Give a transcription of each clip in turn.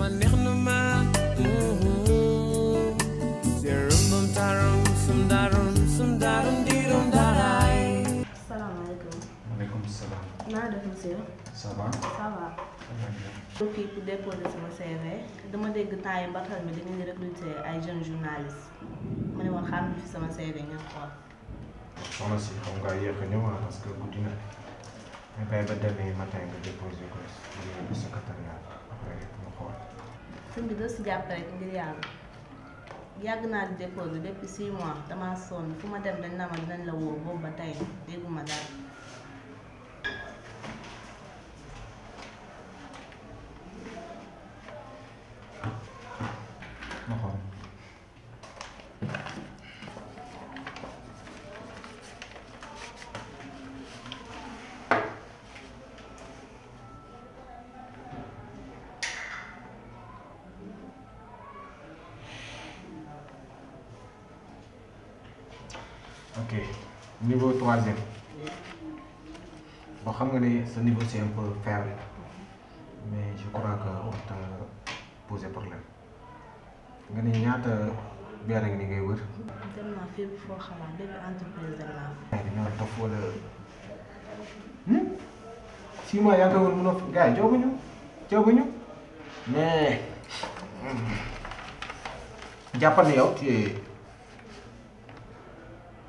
ma neex na ma sërëmbam taram sum daram sum daram diiram salaam naa def monsieur ça va ça va donc kii pour déposer sama CV dama dégg temps yi mbatal mi da ngeen ay jeunes journalistes ma ne woon fi sama CV ngeen xool soxna si xam nga yéex a ñëw ah, parce que guddi na mais bàyyi ba demee nga déposer ko secrétaire sëñ bi doo si jàpp rek ngir yàlla yàgg naa di déposé depuis 6 mois dama sonn fu ma dem dañ na ma dinañ la woo boobu ba tey dégguma dara ok niveau troisième boo xam nga ne sa niveau c'est un peu faible mais je crois que nga ne ñaata bière ni ngay wër. dem naa fépp foo xamante bépp entreprise dem naa fa. dañoo dof wala hmm? six mois yaakaar woon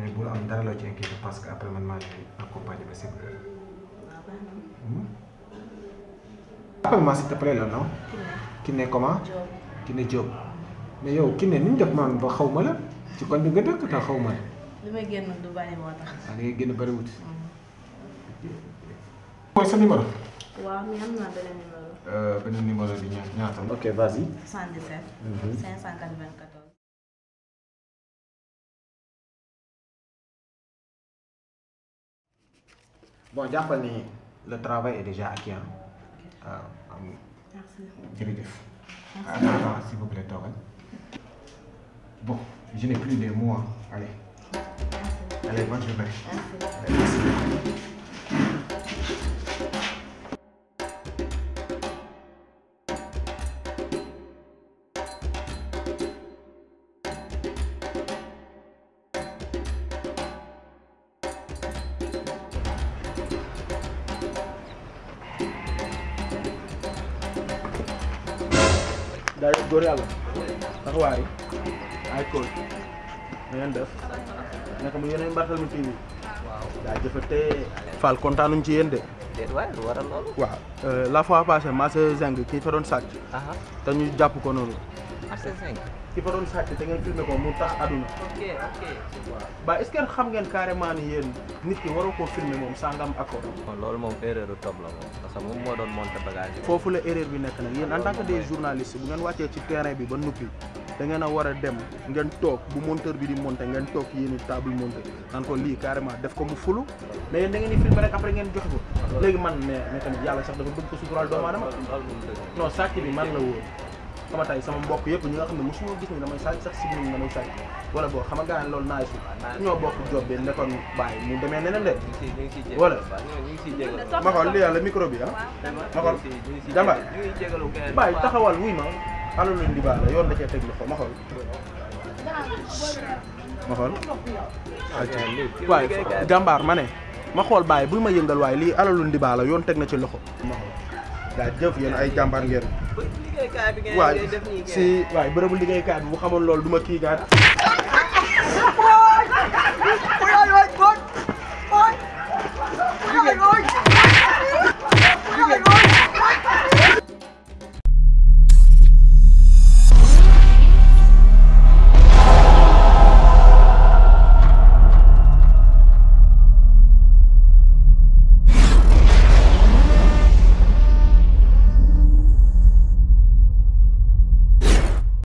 mais bu am dara loo ci inquiété parce que après man ma lay accompagner ba sip kër. appelle-moi s'il te plaît là non. Kiné comment. Kiné Diop. mais yow Kiné ni ñu def man ba xaw ma la ci kon bi nga dëkk ta xaw ma la. li may génn du bari moo tax. ah da 594. bon j'appelle ni le travail est déjà acquis hein waaw euh, merci jërëjëf attends s'il vous plaît toogal bon je n'ai plus de mots hein. allez allez bonne journée merci daal góor yàlla taxawaay ay kool na ngeen def naka mu yeneen Mbartalmi TV waaw daa jëfate Fall kontaanuñ ci yéen de waaw euh, la fois passée ma sa zeng kii fa doon sàcc te ñu jàpp ko noonu AC5 ki fa doon sàcc te ngeen filmé ko mu tax aduna ok ok ba est-ce que xam ngeen carrément ni yéen nit ki waroo koo filmé moom sangam accord kon loolu moom erreur top la moom parce que moom moo doon monté bagage foofu la erreur bi nekk nag yéen en tant que des journalistes bu ngeen wàccee ci terrain bi ba nuppi da a war a dem ngeen toog bu monteur bi di monté ngeen toog yéen table monté naan ko lii carrément def ko mu fulu mais yéen da rek après ngeen jox ko léegi man mais mais tamit yàlla sax dafa bëgg ko suturaal doomu aadama non sàcc bi xama tey sama mbokk yëpp ñi nga xam ne mosuñoo gis ne damay sàcc sax si ñun damay sàcc wala boo xama gaa loolu naay su ñoo bokk job bi nekkoon bàyyi mu demee neneen de wala ma xool li yàlla micro bi ah ma xool jàmbaar bàyyi taxawal wuy ma alalu di baax la yoon da ma xool ma xool waaye jàmbaar ma ne ma xool bàyyi bul ma yëngal waaye lii alalu ndibaa la yoon teg na ci loxo ma xool daa jëf yéen ay jàmbaar ngeen liggéeykaay bi ngeen def nii waaw si waaye bërëbu liggéeykaay bi bu xamoon loolu du ma kii gaar